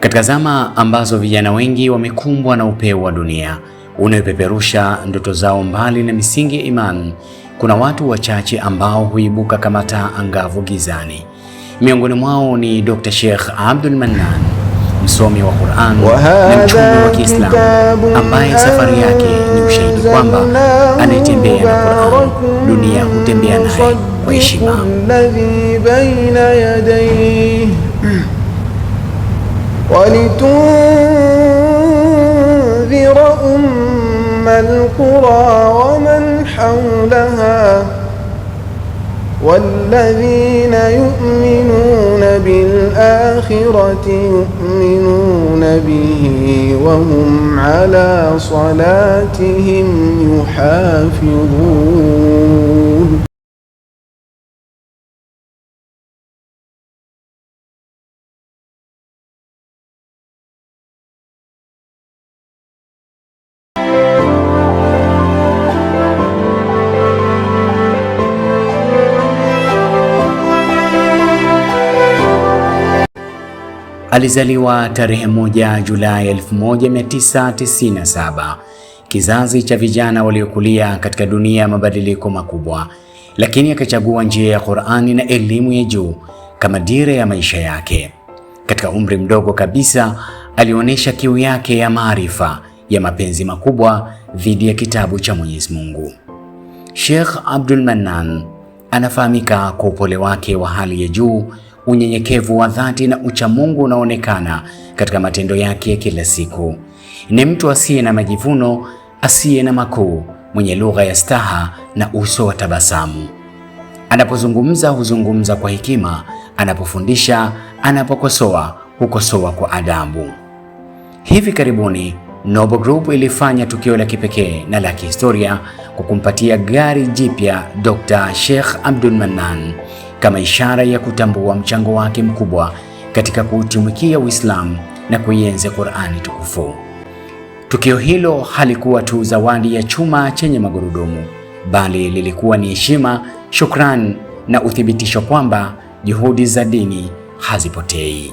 Katika zama ambazo vijana wengi wamekumbwa na upeo wa dunia unaopeperusha ndoto zao mbali na misingi ya imani, kuna watu wachache ambao huibuka kama taa angavu gizani. Miongoni mwao ni Dr. Sheikh Abdul Mannan, msomi wa Qur'an na mchumi wa Kiislamu ambaye safari yake ni ushahidi kwamba anayetembea na Qur'an, dunia hutembea naye kwa heshima. ولتنذر أم القرى ومن حولها والذين يؤمنون بالآخرة يؤمنون به وهم على صلاتهم يحافظون Alizaliwa tarehe moja Julai 1997, kizazi cha vijana waliokulia katika dunia ya mabadiliko makubwa, lakini akachagua njia ya Qur'ani na elimu ya juu kama dira ya maisha yake. Katika umri mdogo kabisa alionyesha kiu yake ya maarifa ya mapenzi makubwa dhidi ya kitabu cha Mwenyezi Mungu. Sheikh Abdul Mannan anafahamika kwa upole wake wa hali ya juu unyenyekevu wa dhati na uchamungu unaonekana katika matendo yake ya kila siku. Ni mtu asiye na majivuno, asiye na makuu, mwenye lugha ya staha na uso wa tabasamu. Anapozungumza huzungumza kwa hekima, anapofundisha, anapokosoa hukosoa kwa adabu. Hivi karibuni Noble Group ilifanya tukio la kipekee na la kihistoria kwa kumpatia gari jipya Dr. Sheikh Abdul Mannan kama ishara ya kutambua mchango wake mkubwa katika kuutumikia Uislamu na kuienzi Qur'ani tukufu. Tukio hilo halikuwa tu zawadi ya chuma chenye magurudumu, bali lilikuwa ni heshima, shukrani na uthibitisho kwamba juhudi za dini hazipotei.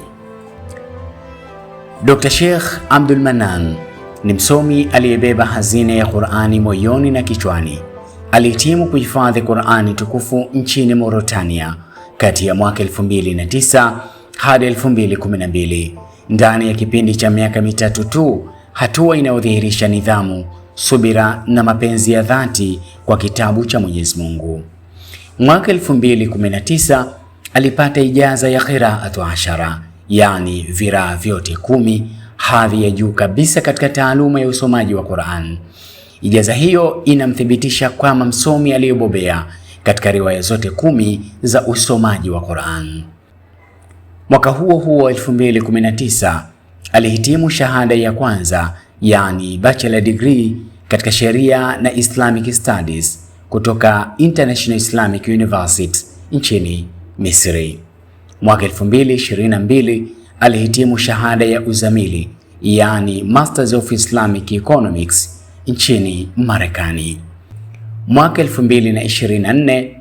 Dr. Sheikh Abdul Manan ni msomi aliyebeba hazina ya Qur'ani moyoni na kichwani alihitimu kuhifadhi Qur'ani tukufu nchini Mauritania kati ya mwaka 2009 hadi 2012. Ndani ya kipindi cha miaka mitatu tu, hatua inayodhihirisha nidhamu, subira na mapenzi ya dhati kwa kitabu cha Mwenyezi Mungu. Mwaka 2019 alipata ijaza ya qiraatu ashara, yaani viraa vyote kumi, hadhi ya juu kabisa katika taaluma ya usomaji wa Qur'an. Ijaza hiyo inamthibitisha kwamba msomi aliyobobea katika riwaya zote kumi za usomaji wa Qur'an. Mwaka huo huo 2019 alihitimu shahada ya kwanza, yani bachelor degree katika sheria na Islamic Studies kutoka International Islamic University nchini Misri. Mwaka 2022 alihitimu shahada ya uzamili, yani Masters of Islamic Economics nchini Marekani. Mwaka 2024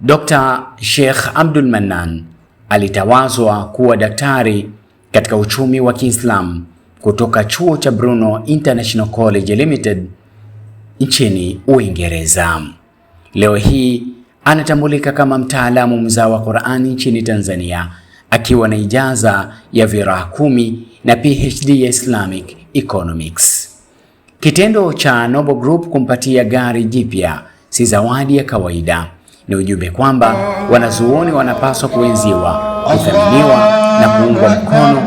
Dr. Sheikh Abdul Mannan alitawazwa kuwa daktari katika uchumi wa Kiislamu kutoka chuo cha Bruno International College Limited nchini Uingereza. Leo hii anatambulika kama mtaalamu mzaa wa Qur'ani nchini Tanzania akiwa na ijaza ya viraha kumi na PhD ya Islamic Economics. Kitendo cha Noble Group kumpatia gari jipya si zawadi ya kawaida, ni ujumbe kwamba wanazuoni wanapaswa kuenziwa, kuthaminiwa na kuungwa mkono.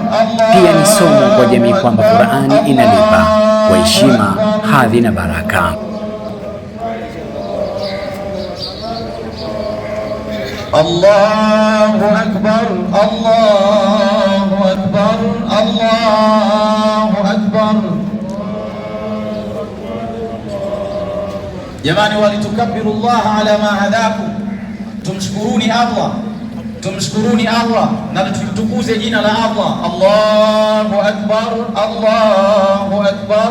Pia ni somo kwa jamii kwamba Qur'ani inalipa kwa heshima, hadhi na baraka. Allahu Akbar, Allah Jamani, walitukabiru llaha ala ma hadakum, tumshukuruni Allah, tumshukuruni Allah na tulitukuze jina la Allah. Allahu akbar, Allahu akbar.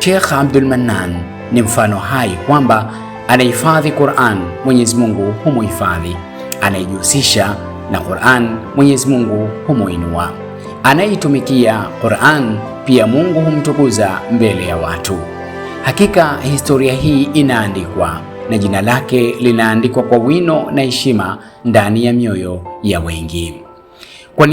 Sheikh Abdul Mannan ni mfano hai kwamba anahifadhi Qur'an, Mwenyezi Mungu humuhifadhi anayejihusisha na Qur'an, Mwenyezi Mungu humuinua. Anayeitumikia Qur'an pia Mungu humtukuza mbele ya watu. Hakika historia hii inaandikwa na jina lake linaandikwa kwa wino na heshima ndani ya mioyo ya wengi kwa